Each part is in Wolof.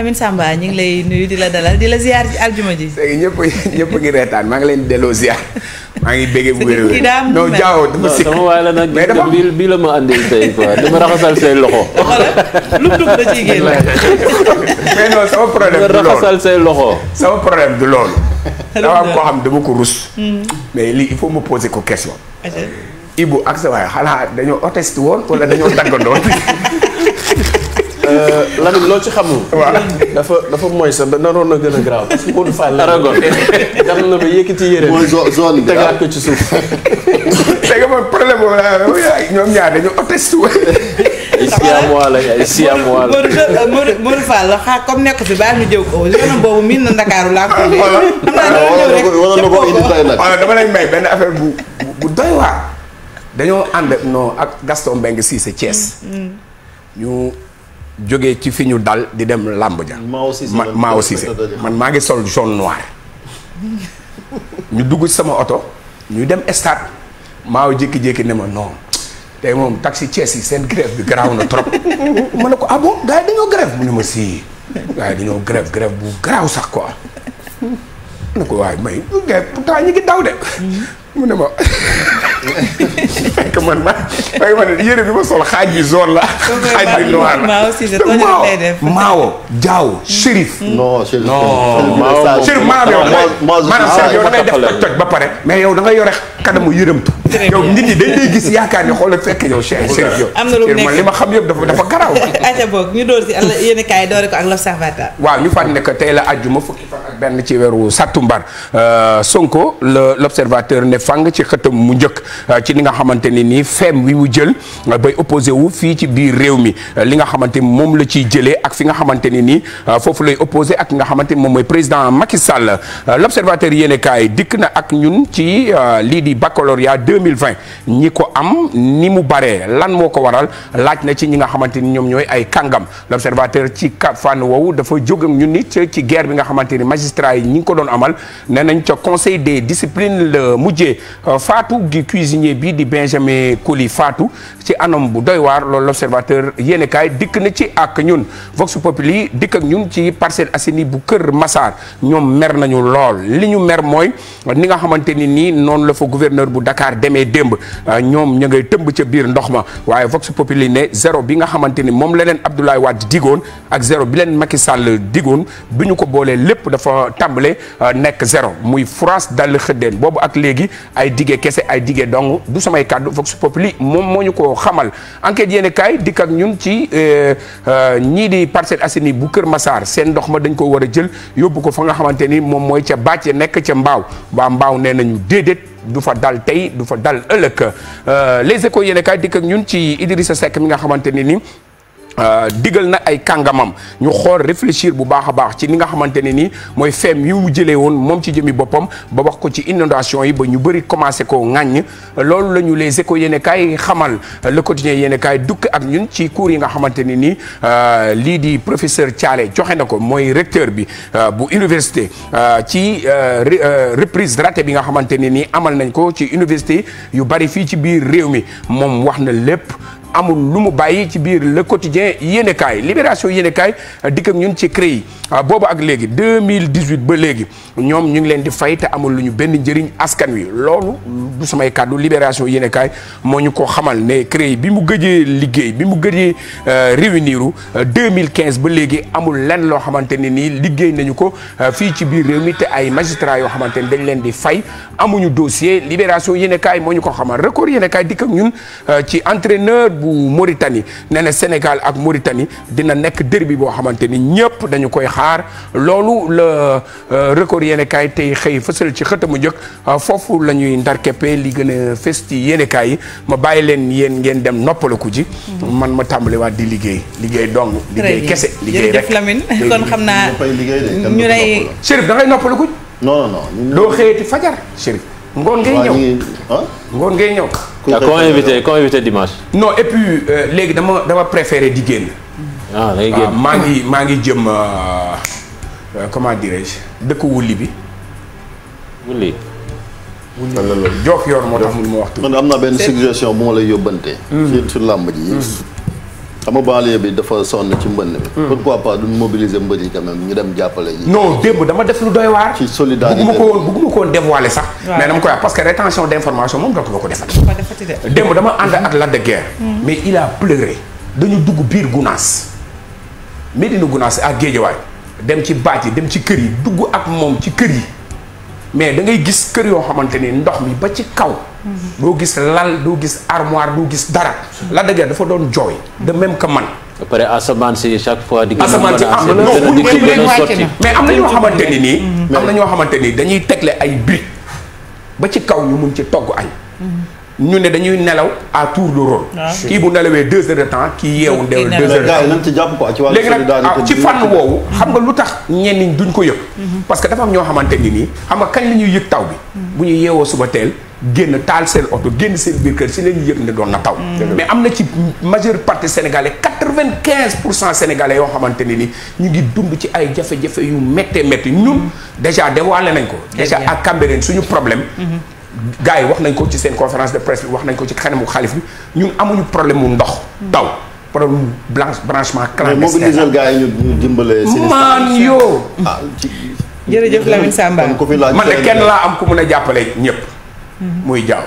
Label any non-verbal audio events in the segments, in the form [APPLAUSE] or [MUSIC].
Lamine Samba ñu ngi la dalal di la ziar ci aljuma ji. maa ngi leen delloo ziar maa ngi béggee bu wér wér. non jaaw dama sikk sama la nag. ma andil tey quoi dama raxasal say loxo. da ciy génn. mais sama problème du loolu loxo. sama problème du loolu. dafa am koo xam dama ko rus. Hmm. mais lii il faut ma poser ko question. Ibu ak sa waay xanaa dañoo otest woon wala dañoo tàggandoo. [LAUGHS] Euh, Lamine loo ci xamul. waaw dafa dafa mooy sa naroon na gën a graaw parce que Modou Fall. Aragon dem na ba yëkkati yére. mooy zone bi tegaat ah. ko ci suuf. dégg nga problème boobu laa oh, la xaa comme nekk fi baal ñu jëw ko zone boobu miin na Ndakaaru laa ko. wala ko indi doy nag. wala dama lay may benn affaire bu bu doy waar. dañoo ànd non ak Gaston Mbengue Cissé Thiès. Mm. jógee ci fi ñu dal di dem làmb ja maa aussi man maa ngi sol jaune noir ñu dugg sama oto ñuy dem stade maaw jékki-jékki ne ma non tey moom taxi Thiès yi seen grève bi garaaw na trop ma ne ko ah bon gars yi dañoo grève mu ne ma sii gars yi dañoo grève grève bu garaaw sax quoi ma ne ko waaye may gars pourtant ñu ngi daw de mu ne ma [LAUGHS] fekk man ma fekk man yére bi ma sol xaaj bi zone la. xaaj bi noir la Maawo Jaaw Chérif. non Chérif maanaam def toj toj ba pare. mais yow da nga yore kanamu yërëmtu. yow nit ñi dañ lay gis yaakaar ni xoolal fekk yow Chérif yow. am na lu nekk li ma xam yëpp dafa dafa garaaw. ayca boog ñu door si a kaay doore ko ñu fàttali ne tey la àjjuma fukki fan benn ci weeru sàttumbar euh, Sonko le l'observateur ne fang ci xëtam mu njëkk euh, ci li nga xamante ni nii feem wi mu jël euh, bay opposé wu fii ci biir réew mi li nga xamante ni moom la ciy jëlee ak fi nga xamante ni nii foofu lay opposé ak nga xamante ni moom mooy président Macky Sall l'observateur yéene kaay dikk na ak ñun ci lii di baccalauréat 2020 ñi ko am ni mu baree lan moo ko waral laaj na ci ñi nga xamante ni ñoom ñooy ay kàngam l'observateur ci fànn woowu dafa jóg ñun nit ci guerre bi nga xamante magistrat yi ñi ngi ko doon amal nee nañ ca conseil des disciplines la mujjee euh, faatu gi cuisinier bi di Benjamin Coly faatu ci anam bu doy waar loolu l'observateur yéen kaay dikk na ci ak ñun Vox Populi dikk ak ñun ci Parcelles Assainies bu Kër Massar ñoom mer nañu lool li ñu mer mooy ni nga xamante ni nii noonu la fa gouverneur bu Dakar demee démb euh, ñoom ña ngay tëmb ca biir ndox ma waaye Vox Populi ne zéro bi nga xamante ni moom la leen Abdoulaye Wade digoon ak zéro bi leen Macky Sall tambale euh, nekk zéro muy France dal xëddeen boobu ak léegi ay digee kese ay digee dong du samay kàddu Vox Populi moom moo ñu ko xamal enquête yéen kaay dikk ak ñun ci euh, euh, ñii di Parcelles Assainies bu Kër masaar seen ndox ma dañ ko war a jël yóbbu ko fa nga xamante ni moom mooy ca bàcce nekk ca mbaaw waa mbaaw nee nañu déedéet du fa dal tey du fa dal ëllëg les échos yéen kaay dikk ñun ci Idrissa Seck mi nga xamante ni ni Euh, digal na ay kàngamam ñu xool réfléchir bu baax a baax ci li nga xamante ne nii mooy feem yu mu jëlee woon moom ci jëmi boppam ba wax ko ci inondation yi ba ñu bëri commencé koo ŋàññ loolu la ñu les échos yéen kaay xamal le quotidien yéen kaay dukk ak ñun ci cours yi nga xamante ne nii euh, lii di professeur Thialé joxe na ko mooy recteur bi euh, bu université ci reprise raté bi nga xamante ne nii amal nañ ko ci université yu bari fii ci biir réew mi moom wax na lépp amul lu mu bàyyi ci biir le quotidien yéenekaay libération yéenekaay dikk ak ñun ci CREI ah, boobu ak léegi 2018 ba léegi ñoom ñu ngi leen di fay te amul lu ñu benn njëriñ askan wi loolu du samay kàddu libération yéenekaay moo ñu ko xamal ne CREI bi mu gëjee liggéey bi mu gëjee euh, réuniru 2015 euh, ba léegi amul lenn loo xamante ne nii liggéey nañu ko euh, fii ci biir réew mi te ay magistrats yoo xamante ne dañ leen di fay amuñu dossier libération yéenekaay moo ñu ko xamal record yéenekaay dikk ñun ci entraîneur bu Mauritanie nee na Sénégal ak Mauritanie dina nekk derby boo xamante ni ñëpp dañu koy xaar loolu la euh, record yéenekaay tey xëy fësal ci xëtamu njëkk euh, foofu la ñuy ndarkeppe li gën a fës ci yéenekaay yi ma bàyyi leen yéen ngeen dem ku ji. Mhm. man ma tàmbaliwaat di liggéey liggéey dong. liggéey kese liggéey rek kon xam naa ñu lay. Chérif da ngay noppalaku. non non fajar Chérif. Ah? ngoon ngay ñëw ngoon ngay ñëw. koo invité koo invité dimanche. non et puis euh, léegi dama dama préféré di génn. ah da ah, maa ngi maa ngi jëm euh, euh, comment dirais-je dëkk wulli bi. wulli. wulli yoon moo tax mun ma wax. man am na benn suggestion bu ma lay yóbbante. ci hmm. làmb ji. Hmm. xam nga banlieue bi dafa sonn ci mbënn bi. Hmm. pourquoi pas duñ mobiliser mbër yi quand même ñu dem jàppale yi. non démb dama def lu doy waar. ci solidarité bugguma ko woon bugguma ko woon sax. mais dama koy wax parce que rétention d' information moom dootuma ko defat. démb dama ànd hmm. ak Lac de Guiers. Hmm. mais il a pleuré. dañu dugg biir Gunaas. Médina Gunaas ak Géejawaay dem ci baat yi dem ci kër yi dugg ak moom ci kër yi mais da ngay gis kër yoo xamante ni ndox mi ba ci kaw. doo gis lal doo gis armoire doo gis dara. la dëgg dafa doon jooy. de même que man. ba pare asamaan si chaque fois. di gën a mais am na ñoo xamante ni nii. Mm-hmm. am na ñoo xamante ni dañuy tegle ay briques ba ci kaw ñu mun ci togg añ. Mm-hmm. ñu ne dañuy nelaw à tour de rôle. Ah. kii bu nelawee deux heures de temps kii yeewu ndew deux heures de temps nañ ci jàpp quoi ci wàllu solidarité ci fànn woowu xam nga lu tax ñenn ñi duñ ko yëpp mm-hmm. parce que dafa am ñoo xamante ni nii xam nga kañ la ñuy yëg taw bi. bu ñu yeewoo suba teel génn taal seen oto génn seen biir kër si leen yëg ne doon na taw. Mm. mais am na ci majeure partie sénégalais quatre vingt quinze pour cent sénégalais yoo xamante ne ni ñu ngi dund ci ay jafe-jafe yu méttee métti ñun mm. déjà dévoilé nañ ko. déjà ak Cambérène suñu problème. Mm-hmm. gars wax nañ ko ci seen conférence de presse bi wax nañ ko ci xanamu xalif bi ñun amuñu problème mu ndox. taw ah, man de kenn laa am ku mun a jàppale ñëpp. Mhm. muy jaaw.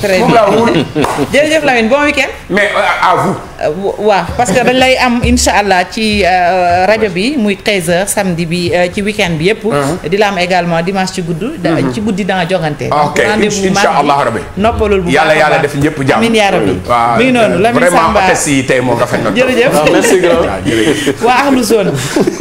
très bien [LAUGHS] jërëjëf Lamine bon week mais euh, à vous. Euh, waaw parce que dañ lay am incha allah ci euh, rajo bi muy 13h samedi bi ci week-end bi yëpp. Uh-huh. di la am également dimanche ci gudd. Uh-huh. ci guddi da nga jongante. Ah, ok incha allah rabi noppalul bu yàlla yàlla def ñëpp jàmm. amiin yaa rabbi mi ngi noonu [LAUGHS]